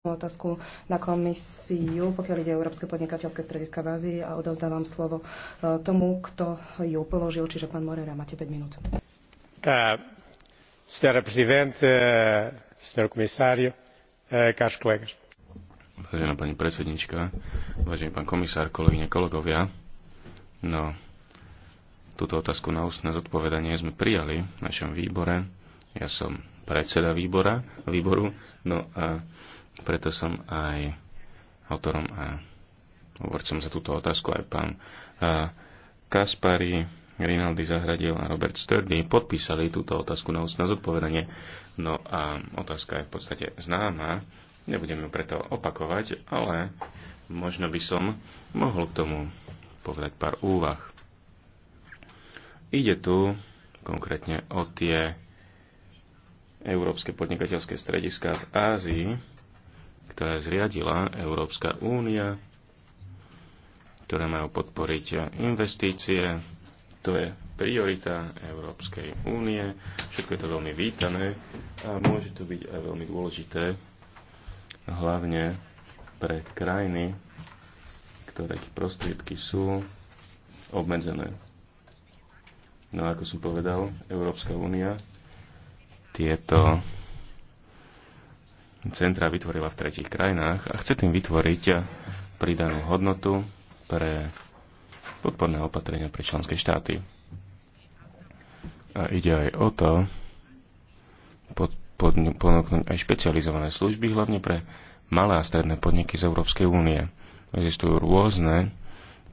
otázku na komisiu, pokiaľ ide o Európske podnikateľské strediska v Ázii a odovzdávam slovo e, tomu, kto ju položil, čiže pán Morera, máte 5 minút. E, e, Vážená pani predsednička, vážený pán komisár, kolegyne, kolegovia, no, túto otázku na ústne zodpovedanie sme prijali v našom výbore. Ja som predseda výbora, výboru, no a preto som aj autorom a hovorcom za túto otázku aj pán Kaspari, Rinaldi Zahradil a Robert Sturdy podpísali túto otázku na ústne zodpovedanie. No a otázka je v podstate známa, nebudem ju preto opakovať, ale možno by som mohol k tomu povedať pár úvah. Ide tu konkrétne o tie európske podnikateľské strediska v Ázii, ktoré zriadila Európska únia, ktoré majú podporiť investície. To je priorita Európskej únie. Všetko je to veľmi vítané a môže to byť aj veľmi dôležité, hlavne pre krajiny, ktoré prostriedky sú obmedzené. No ako som povedal, Európska únia tieto centra vytvorila v tretich krajinách a chce tým vytvoriť pridanú hodnotu pre podporné opatrenia pre členské štáty. A ide aj o to pod, pod, ponúknuť aj špecializované služby, hlavne pre malé a stredné podniky z Európskej únie. Existujú rôzne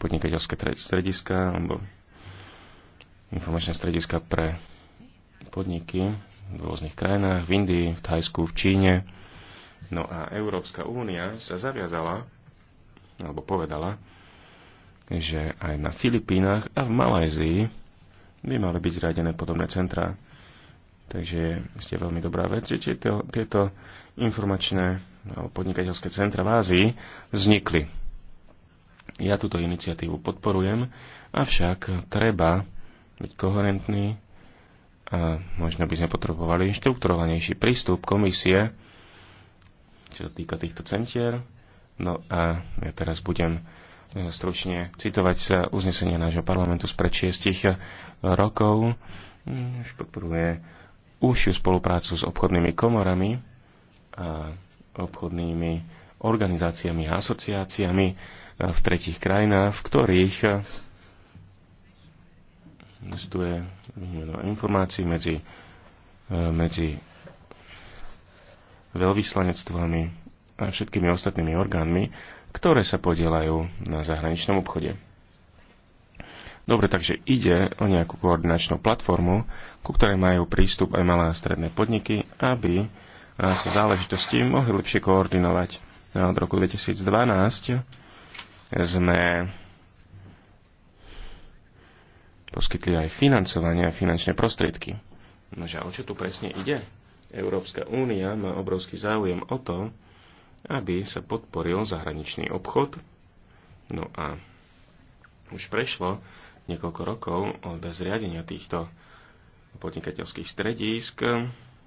podnikateľské strediska alebo informačné strediska pre podniky v rôznych krajinách, v Indii, v Thajsku, v Číne, No a Európska únia sa zaviazala, alebo povedala, že aj na Filipínach a v Malajzii by mali byť zriadené podobné centrá. Takže ste veľmi dobrá vec, že tieto, tieto informačné alebo podnikateľské centra v Ázii vznikli. Ja túto iniciatívu podporujem, avšak treba byť koherentný a možno by sme potrebovali štrukturovanejší prístup komisie čo sa týka týchto centier. No a ja teraz budem e, stručne citovať sa uznesenia nášho parlamentu z pred šiestich e, rokov. Mm, už podporuje užšiu spoluprácu s obchodnými komorami a obchodnými organizáciami a asociáciami e, v tretich krajinách, v ktorých existuje informácií medzi, medzi veľvyslanectvami a všetkými ostatnými orgánmi, ktoré sa podielajú na zahraničnom obchode. Dobre, takže ide o nejakú koordinačnú platformu, ku ktorej majú prístup aj malé a stredné podniky, aby sa záležitosti mohli lepšie koordinovať. Od roku 2012 sme poskytli aj financovanie a finančné prostriedky. Nože, o čo tu presne ide? Európska únia má obrovský záujem o to, aby sa podporil zahraničný obchod. No a už prešlo niekoľko rokov od zriadenia týchto podnikateľských stredísk,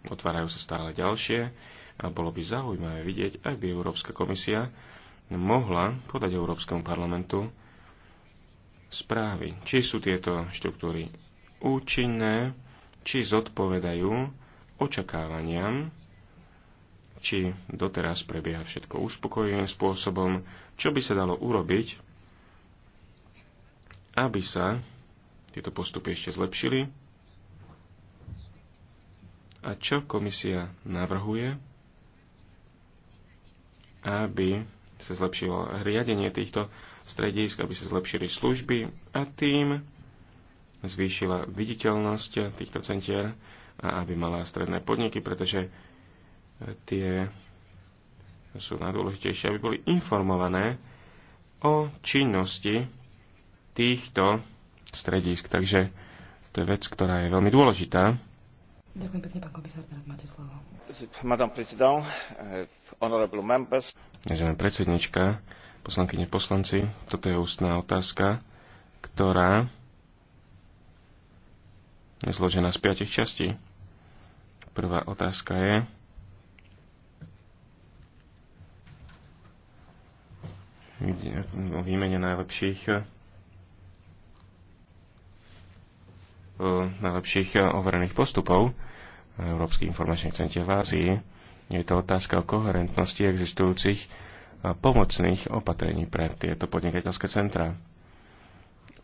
otvárajú sa stále ďalšie a bolo by zaujímavé vidieť, ak by Európska komisia mohla podať Európskemu parlamentu správy, či sú tieto štruktúry účinné, či zodpovedajú očakávaniam, či doteraz prebieha všetko uspokojivým spôsobom, čo by sa dalo urobiť, aby sa tieto postupy ešte zlepšili a čo komisia navrhuje, aby sa zlepšilo riadenie týchto stredísk, aby sa zlepšili služby a tým zvýšila viditeľnosť týchto centier a aby malé a stredné podniky, pretože e, tie sú najdôležitejšie, aby boli informované o činnosti týchto stredisk. Takže to je vec, ktorá je veľmi dôležitá. Ďakujem pekne, pán komisár, teraz máte slovo. Madame president, honorable members. Ďakujem predsednička, poslankyne, poslanci, toto je ústná otázka, ktorá je zložená z piatich častí. Prvá otázka je, o výmene najlepších najlepších overených postupov na Európskych informačných centier v Ázii. Je to otázka o koherentnosti existujúcich pomocných opatrení pre tieto podnikateľské centra.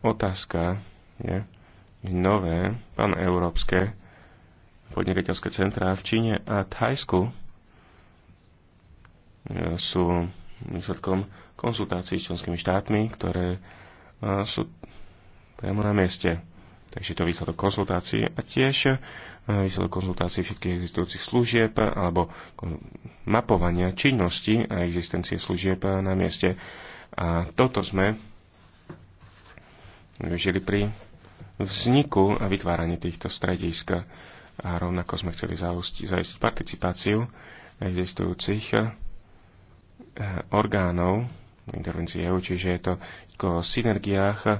Otázka je nové paneurópske podnikateľské centrá v Číne a Thajsku e, sú výsledkom konzultácií s členskými štátmi, ktoré e, sú priamo na mieste. Takže to výsledok konzultácií a tiež e, výsledok konzultácií všetkých existujúcich služieb alebo mapovania činnosti a existencie služieb na mieste. A toto sme využili pri vzniku a vytváraní týchto stredisk a rovnako sme chceli zaistiť participáciu existujúcich eh, orgánov intervencie EU, čiže je to o synergiách eh,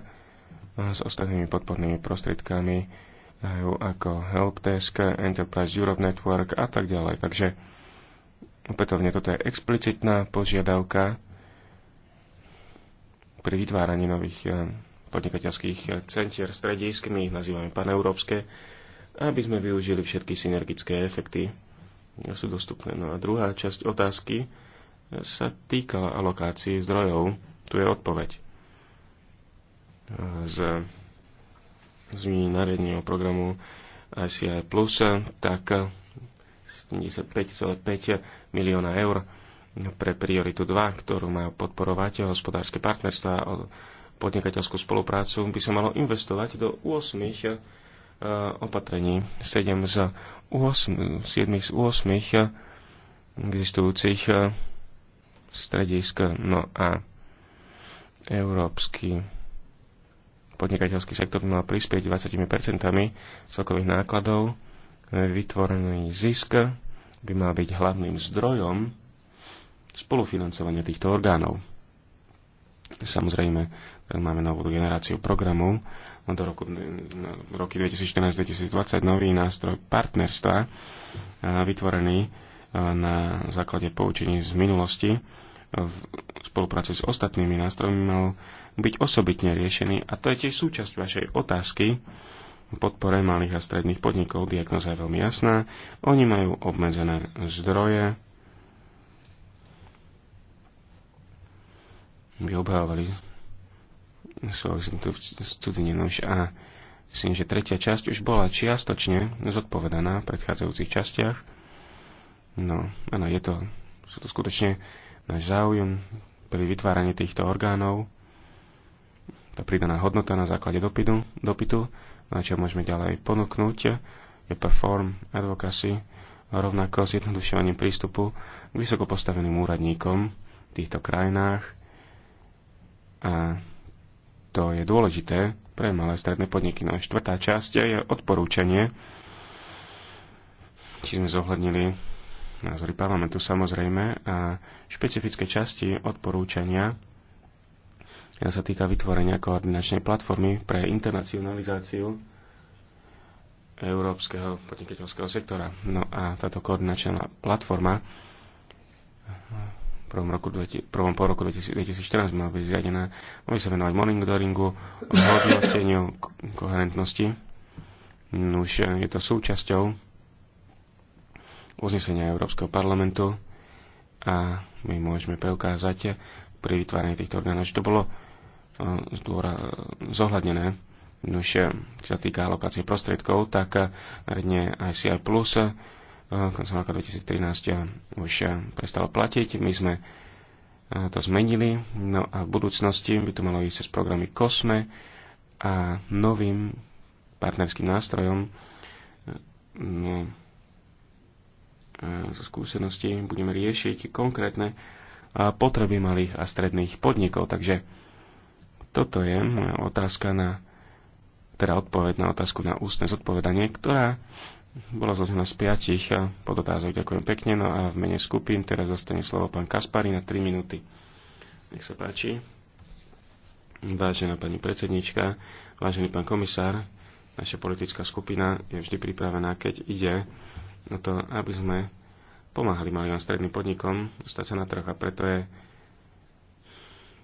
s ostatnými podpornými prostriedkami e ako Helpdesk, Enterprise Europe Network a tak ďalej. Takže opätovne toto je explicitná požiadavka pri vytváraní nových eh, podnikateľských centier, stredisk, my ich nazývame paneurópske, európske aby sme využili všetky synergické efekty. Sú dostupné. No a druhá časť otázky sa týkala alokácií zdrojov. Tu je odpoveď. Z zmení nariadneho programu ICI+, Plus, tak 75,5 milióna eur pre prioritu 2, ktorú majú podporovať hospodárske partnerstva a podnikateľskú spoluprácu, by sa malo investovať do 8 Eh, opatrení. 7 z 8, 7 z 8 eh, existujúcich eh, stredisk, no a európsky podnikateľský sektor mal prispieť 20% celkových nákladov. Vytvorený zisk by mal byť hlavným zdrojom spolufinancovania týchto orgánov. Samozrejme, máme novú generáciu programu do roku, roky 2014-2020 nový nástroj partnerstva e, vytvorený e, na základe poučení z minulosti v spolupráci s ostatnými nástrojmi mal byť osobitne riešený a to je tiež súčasť vašej otázky podpore malých a stredných podnikov. Diagnoza je veľmi jasná. Oni majú obmedzené zdroje, by obhávali Slovo som tu v cudzine už a myslím, že tretia časť už bola čiastočne zodpovedaná v predchádzajúcich častiach. No, áno, je to, sú to skutočne náš záujem pri vytváraní týchto orgánov, tá pridaná hodnota na základe dopytu, dopytu na čo môžeme ďalej ponúknuť, je perform advocacy, rovnako zjednodušovaním prístupu k vysoko postaveným úradníkom v týchto krajinách a to je dôležité pre malé stredné podniky. No a štvrtá časť je odporúčanie, či sme zohľadnili názory parlamentu samozrejme a špecifické časti odporúčania sa týka vytvorenia koordinačnej platformy pre internacionalizáciu európskeho podnikateľského sektora. No a táto koordinačná platforma prvom, roku, prvom pol roku 2014 mala byť zriadená. Mali sa venovať monitoringu, hodnoteniu koherentnosti. No už eh, je to súčasťou uznesenia Európskeho parlamentu a my môžeme preukázať pri vytváraní týchto orgánov, že to bolo eh, zdôra, zohľadnené. No už eh, sa týka alokácie prostriedkov, tak redne ICI Plus Eh, koncom roka 2013 eh, už eh, prestalo platiť. My sme to zmenili. No a v budúcnosti by to malo ísť cez programy COSME a novým partnerským nástrojom no, zo skúsenosti budeme riešiť konkrétne potreby malých a stredných podnikov. Takže toto je moja otázka na, teda odpoveď na otázku na ústne zodpovedanie, ktorá bola zložená z piatich eh, pod otázok Ďakujem pekne. No a v mene skupín teraz zostane slovo pán Kaspari na 3 minúty. Nech sa páči. Vážená pani predsednička, vážený pán komisár, naša politická skupina je vždy pripravená, keď ide na to, aby sme pomáhali malým a stredným podnikom dostať sa na trh a preto je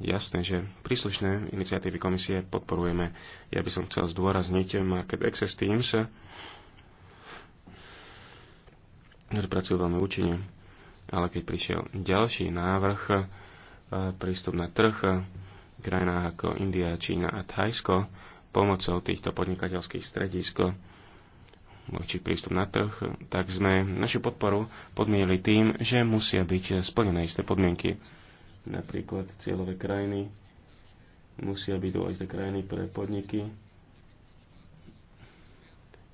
jasné, že príslušné iniciatívy komisie podporujeme. Ja by som chcel zdôrazniť eh, Market Access Teams, ktorí pracujú veľmi účinne. Ale keď prišiel ďalší návrh, e, prístup na trh e, v krajinách ako India, Čína a Thajsko pomocou týchto podnikateľských stredisk či prístup na trh, tak sme našu podporu podmienili tým, že musia byť splnené isté podmienky. Napríklad cieľové krajiny musia byť dôležité krajiny pre podniky.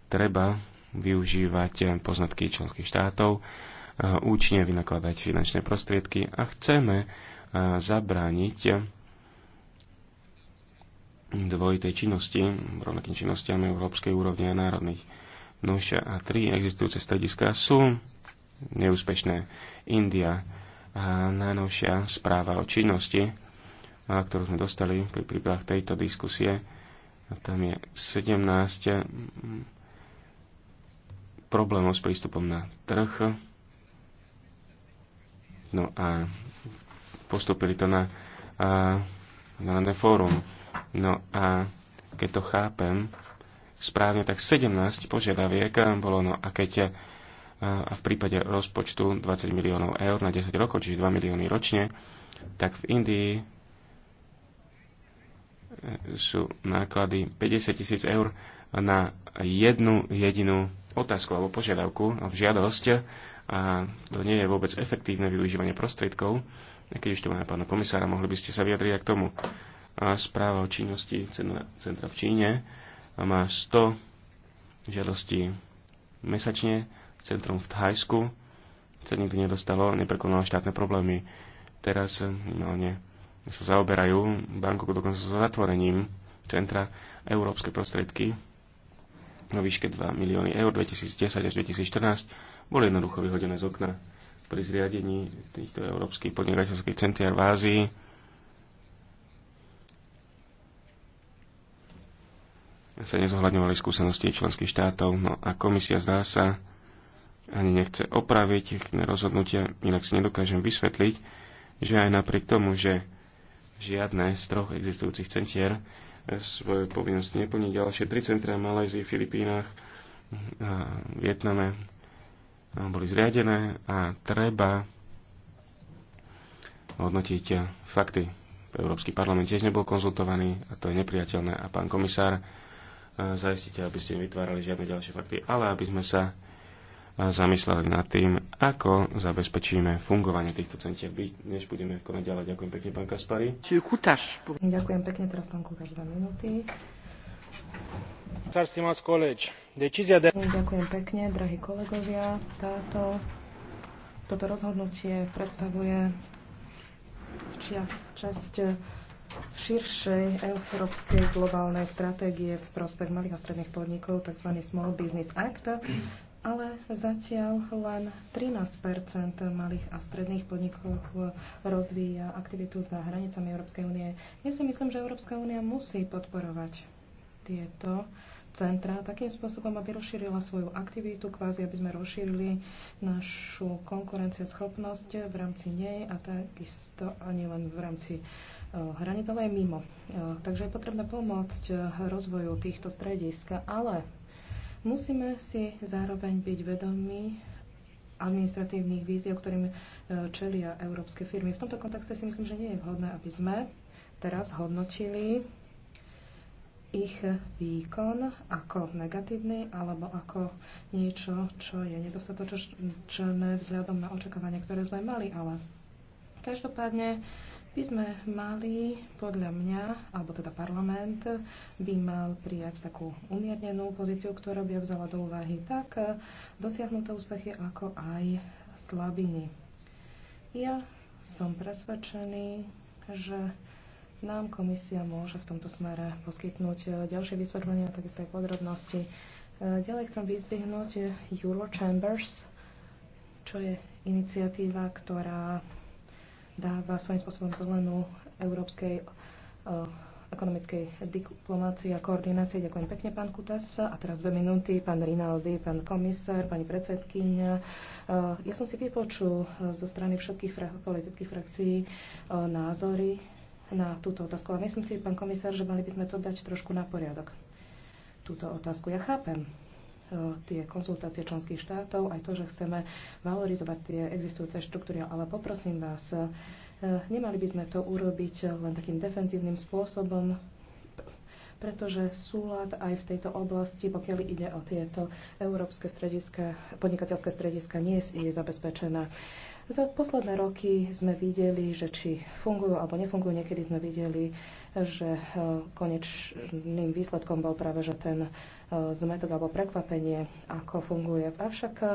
Treba využívať eh, poznatky členských štátov, eh, účne vynakladať finančné prostriedky a chceme eh, zabrániť dvojitej činnosti, rovnakým činnostiam európskej úrovne a národných. Nož a tri existujúce strediska sú neúspešné. India a najnovšia správa o činnosti, ktorú sme dostali pri prípravách tejto diskusie, tam je 17 problémov s prístupom na trh. No a postupili to na, na, na fórum. No a keď to chápem správne, tak 17 požiadaviek bolo, no a keď a v prípade rozpočtu 20 miliónov eur na 10 rokov, čiže 2 milióny ročne, tak v Indii sú náklady 50 tisíc eur na jednu jedinú otázku alebo požiadavku, alebo žiadosť a to nie je vôbec efektívne využívanie prostriedkov. Keď už tu máme pána komisára, mohli by ste sa vyjadriť aj k tomu. A správa o činnosti centra v Číne má 100 žiadostí mesačne, centrum v Thajsku sa nikdy nedostalo, neprekonalo štátne problémy. Teraz minimálne no, sa zaoberajú, Bangkok dokonca so zatvorením centra európske prostriedky na výške 2 milióny eur 2010 až 2014 boli jednoducho vyhodené z okna pri zriadení týchto európskych podnikateľských centier v Ázii. sa nezohľadňovali skúsenosti členských štátov, no a komisia zdá sa ani nechce opraviť ich rozhodnutia, inak si nedokážem vysvetliť, že aj napriek tomu, že žiadne z troch existujúcich centier svoje povinnosti neplní. Ďalšie tri centra v Malajzii, Filipínach a Vietname boli zriadené a treba hodnotiť fakty. Európsky parlament tiež nebol konzultovaný a to je nepriateľné. A pán komisár, e, zaistite, aby ste nevytvárali žiadne ďalšie fakty, ale aby sme sa zamysleli nad tým, ako zabezpečíme fungovanie týchto centier, než budeme konať ďalej. Ďakujem pekne, pán Kaspari. Ďakujem pekne, teraz pán Kutáš, dva minúty. Ďakujem pekne, drahí kolegovia. Táto, toto rozhodnutie predstavuje časť širšej európskej globálnej stratégie v prospech malých a stredných podnikov, tzv. Small Business Act, ale zatiaľ len 13 malých a stredných podnikov rozvíja aktivitu za hranicami Európskej únie. Ja si myslím, že Európska únia musí podporovať tieto centra takým spôsobom, aby rozšírila svoju aktivitu, kvázi aby sme rozšírili našu konkurencieschopnosť v rámci nej a takisto ani len v rámci e, hranic, ale aj mimo. E, takže je potrebné pomôcť e, rozvoju týchto stredisk, ale Musíme si zároveň byť vedomí administratívnych víziev, ktorým e, čelia európske firmy. V tomto kontexte si myslím, že nie je vhodné, aby sme teraz hodnotili ich výkon ako negatívny alebo ako niečo, čo je nedostatočné vzhľadom na očakávania, ktoré sme mali. Ale každopádne by sme mali, podľa mňa, alebo teda parlament, by mal prijať takú umiernenú pozíciu, ktorá by vzala do úvahy tak dosiahnuté úspechy, ako aj slabiny. Ja som presvedčený, že nám komisia môže v tomto smere poskytnúť ďalšie vysvetlenia, takisto aj podrobnosti. Ďalej chcem vyzvihnúť Euro Chambers, čo je iniciatíva, ktorá dáva svojím spôsobom zelenú európskej eh, ekonomickej diplomácii a koordinácii. Ďakujem pekne, pán Kutas. A teraz dve minúty, pán Rinaldi, pán komisár, pani predsedkyňa. Eh, ja som si vypočul eh, zo strany všetkých fra- politických frakcií názory na túto otázku. A myslím si, pán komisár, že mali by sme to dať trošku na poriadok, túto otázku. Ja chápem, E, tie konzultácie členských štátov, aj to, že chceme valorizovať tie existujúce štruktúry. Ale poprosím vás, e, nemali by sme to urobiť len takým defenzívnym spôsobom, pretože súlad aj v tejto oblasti, pokiaľ ide o tieto európske strediska, podnikateľské strediska, nie je zabezpečená. Za posledné roky sme videli, že či fungujú alebo nefungujú, niekedy sme videli, že e, konečným výsledkom bol práve, že ten e, zmetok alebo prekvapenie, ako funguje. Avšak e,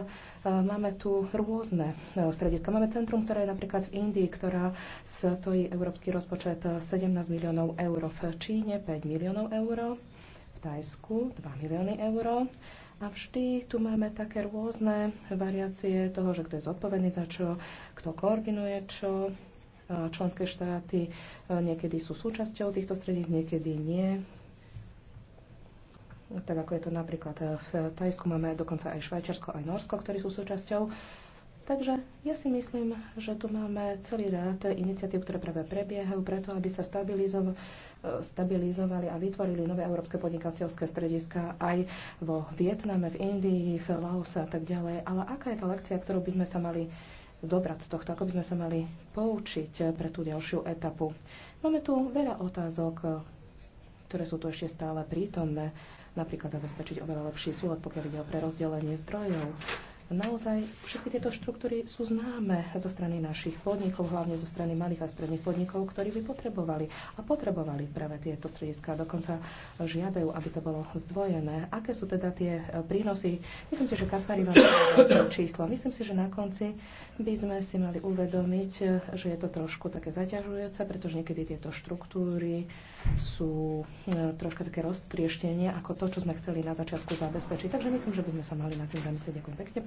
máme tu rôzne strediska. Máme centrum, ktoré je napríklad v Indii, ktorá stojí európsky rozpočet 17 miliónov eur, v Číne 5 miliónov eur, v Tajsku 2 milióny eur, a vždy tu máme také rôzne variácie toho, že kto je zodpovedný za čo, kto koordinuje čo. Členské štáty e, niekedy sú súčasťou týchto stredíc, niekedy nie. Tak ako je to napríklad e, v Tajsku, máme dokonca aj Švajčiarsko, aj Norsko, ktorí sú súčasťou. Takže ja si myslím, že tu máme celý rád iniciatív, ktoré práve prebiehajú preto, aby sa stabilizovali stabilizovali a vytvorili nové európske podnikateľské strediska aj vo Vietname, v Indii, v Laose a tak ďalej. Ale aká je tá lekcia, ktorú by sme sa mali zobrať z tohto, ako by sme sa mali poučiť pre tú ďalšiu etapu. Máme tu veľa otázok, ktoré sú tu ešte stále prítomné, napríklad zabezpečiť oveľa lepší súlad, pokiaľ ide o prerozdelenie zdrojov, Naozaj všetky tieto štruktúry sú známe zo strany našich podnikov, hlavne zo strany malých a stredných podnikov, ktorí by potrebovali a potrebovali práve tieto strediska. Dokonca žiadajú, aby to bolo zdvojené. Aké sú teda tie e, prínosy? Myslím si, že Kaspari vám číslo. Myslím si, že na konci by sme si mali uvedomiť, e, že je to trošku také zaťažujúce, pretože niekedy tieto štruktúry sú e, troška také roztrieštenie ako to, čo sme chceli na začiatku zabezpečiť. Takže myslím, že by sme sa mali na tým zamyslieť. Ďakujem pekne,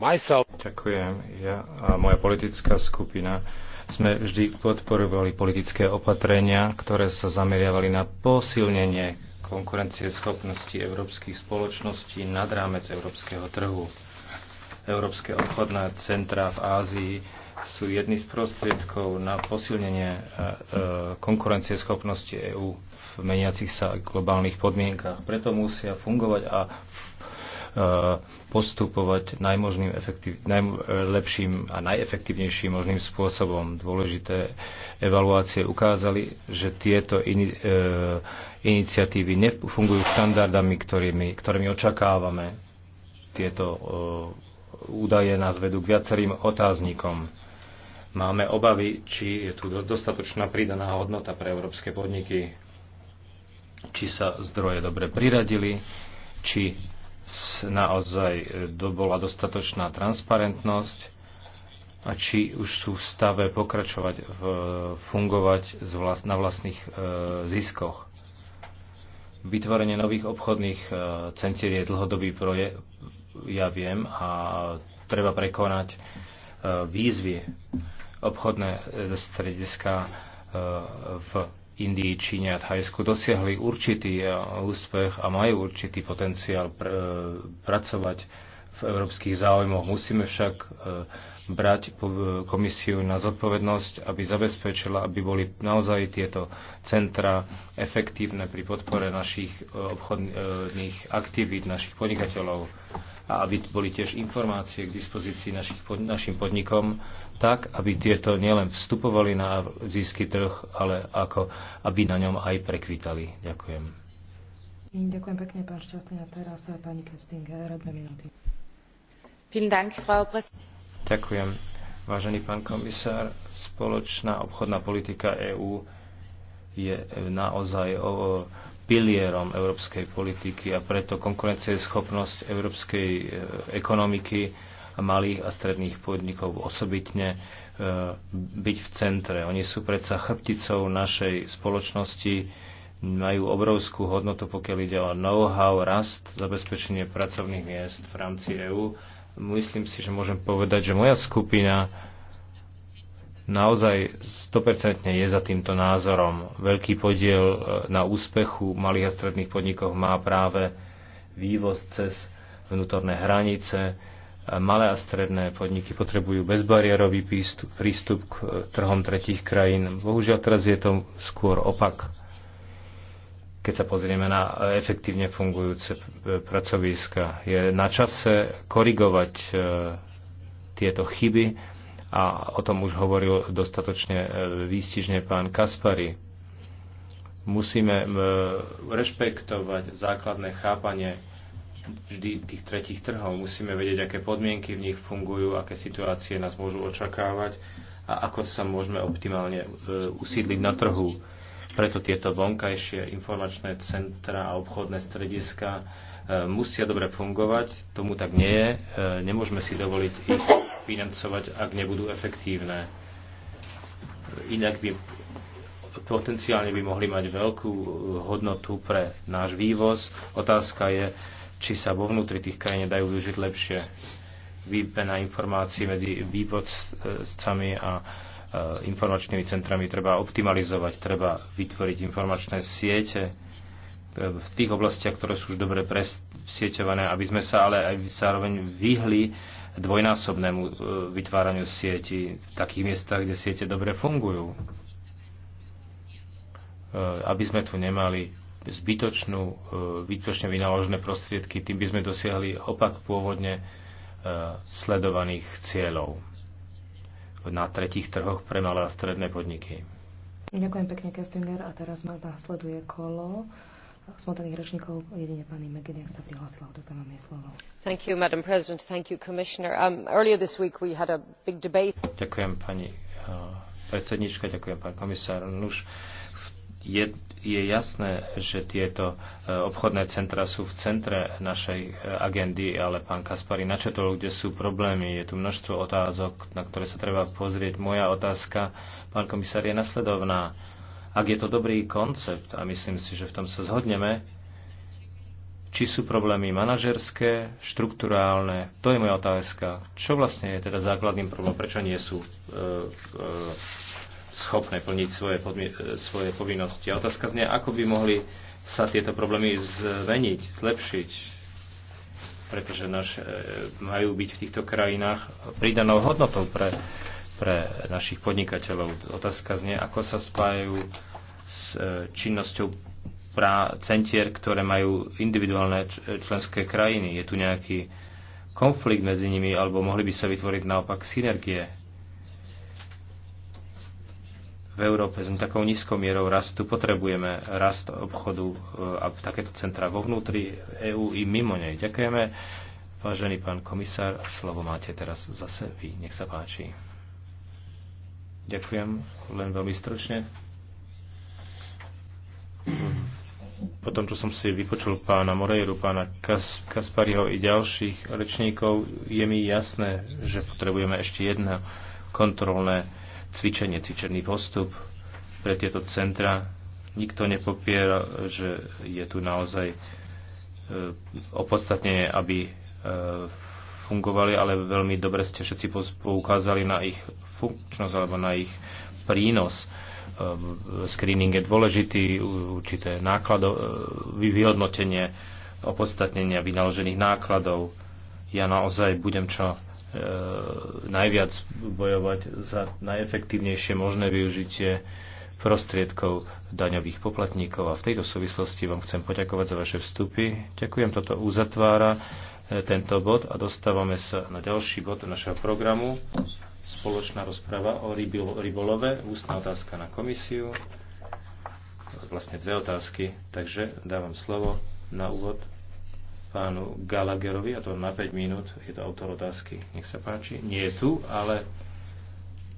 Myself... Ďakujem. Ja a moja politická skupina sme vždy podporovali politické opatrenia, ktoré sa zameriavali na posilnenie konkurencieschopnosti európskych spoločností nad rámec európskeho trhu. Európske obchodné centra v Ázii sú jedny z prostriedkov na posilnenie e, e, konkurencieschopnosti EÚ v meniacich sa globálnych podmienkach. Preto musia fungovať a Eh, postupovať najmožným efektiv, najlepším eh, a najefektívnejším možným spôsobom. Dôležité evaluácie ukázali, že tieto in, e, eh, iniciatívy nefungujú štandardami, ktorými, ktorými očakávame. Tieto e, údaje nás vedú k viacerým otáznikom. Máme obavy, či je tu dostatočná pridaná hodnota pre európske podniky, či sa zdroje dobre priradili, či naozaj e, bola dostatočná transparentnosť a či už sú v stave pokračovať, v, fungovať na vlastných e, ziskoch. Vytvorenie nových obchodných e, centier je dlhodobý projekt, ja viem, a treba prekonať výzvy obchodné strediska v Indii, Číne a Thajsku dosiahli určitý e, úspech a majú určitý potenciál pr- e, pracovať v európskych záujmoch. Musíme však e, brať komisiu na zodpovednosť, aby zabezpečila, aby boli naozaj tieto centra efektívne pri podpore našich obchodných aktivít, našich podnikateľov a aby boli tiež informácie k dispozícii našich, našim podnikom, tak, aby tieto nielen vstupovali na získy trh, ale ako, aby na ňom aj prekvitali. Ďakujem. Ďakujem pekne, pán Šťastný. A teraz eh, pani Kestinger, eh, dve minúty. Ďakujem. Vážený pán komisár, spoločná obchodná politika EÚ je naozaj o pilierom európskej politiky a preto konkurencieschopnosť európskej eh, ekonomiky a malých a stredných podnikov osobitne eh, byť v centre. Oni sú predsa chrbticou našej spoločnosti, majú obrovskú hodnotu, pokiaľ ide o know-how, rast, zabezpečenie pracovných miest v rámci EÚ. Myslím si, že môžem povedať, že moja skupina naozaj 100% je za týmto názorom. Veľký podiel e, na úspechu malých a stredných podnikov má práve vývoz cez vnútorné hranice. E, Malé a stredné podniky potrebujú bezbariérový prístup k e, trhom tretích krajín. Bohužiaľ teraz je to skôr opak. Keď sa pozrieme na efektívne fungujúce pracoviska, je na čase korigovať tieto chyby a o tom už hovoril dostatočne e, výstižne pán Kaspari. Musíme e, rešpektovať základné chápanie vždy tých tretích trhov. Musíme vedieť, aké podmienky v nich fungujú, aké situácie nás môžu očakávať a ako sa môžeme optimálne e, usídliť na trhu. Preto tieto vonkajšie informačné centra a obchodné strediska musia dobre fungovať. Tomu tak nie je. Nemôžeme si dovoliť ich financovať, ak nebudú efektívne. Inak by potenciálne by mohli mať veľkú eh, hodnotu pre náš vývoz. Otázka je, či sa vo vnútri tých krajín dajú využiť lepšie výmena informácií medzi vývozcami a eh, informačnými centrami treba optimalizovať, treba vytvoriť informačné siete, v tých oblastiach, ktoré sú už dobre presieťované, aby sme sa ale aj zároveň vyhli dvojnásobnému e, vytváraniu sieti v takých miestach, kde siete dobre fungujú. E, aby sme tu nemali zbytočnú, e, výtočne vynaložené prostriedky, tým by sme dosiahli opak pôvodne sledovaných cieľov na tretích trhoch pre malé a stredné podniky. Ďakujem pekne, Kestinger. A teraz ma nasleduje kolo spontánnych ročníkov jedine pani McGuinness sa prihlásila. Odozdávam jej slovo. Thank you, Madam President. Thank you, Commissioner. Um, earlier this week we had a big debate. Ďakujem pani uh, predsednička, ďakujem pán komisár. Nuž, je, je jasné, že tieto uh, obchodné centra sú v centre našej uh, agendy, ale pán Kaspari načetol, kde sú problémy. Je tu množstvo otázok, na ktoré sa treba pozrieť. Moja otázka, pán komisár, je nasledovná ak je to dobrý koncept, a myslím si, že v tom sa zhodneme, či sú problémy manažerské, štruktúrálne, to je moja otázka. Čo vlastne je teda základným problémom, prečo nie sú e, e, schopné plniť svoje, podmi- e, svoje povinnosti? A otázka znie, ako by mohli sa tieto problémy zmeniť, zlepšiť, pretože naš, e, majú byť v týchto krajinách pridanou hodnotou pre pre našich podnikateľov. Otázka znie, ako sa spájajú s e, činnosťou centier, ktoré majú individuálne e, členské krajiny. Je tu nejaký konflikt medzi nimi, alebo mohli by sa vytvoriť naopak synergie. V Európe s takou nízkou mierou rastu potrebujeme rast obchodu e, a takéto centra vo vnútri EÚ i mimo nej. Ďakujeme. Vážený pán komisár, slovo máte teraz zase vy. Nech sa páči. Ďakujem len veľmi stručne. Po tom, čo som si vypočul pána Morejru, pána Kas- Kaspariho i ďalších rečníkov, je mi jasné, že potrebujeme ešte jedno kontrolné cvičenie, cvičený postup pre tieto centra. Nikto nepopiera, že je tu naozaj e, opodstatnenie, aby v e, fungovali, ale veľmi dobre ste všetci poukázali na ich funkčnosť alebo na ich prínos. Ehm, screening je dôležitý, určité náklado, e, vyhodnotenie opodstatnenia vynaložených nákladov. Ja naozaj budem čo e, najviac bojovať za najefektívnejšie možné využitie prostriedkov daňových poplatníkov. A v tejto súvislosti vám chcem poďakovať za vaše vstupy. Ďakujem, toto uzatvára E, tento bod a dostávame sa na ďalší bod našeho programu. Spoločná rozprava o rybolove, ústna otázka na komisiu. Vlastne dve otázky, takže dávam slovo na úvod pánu Gallagherovi, a to na 5 minút, je to autor otázky. Nech sa páči. Nie je tu, ale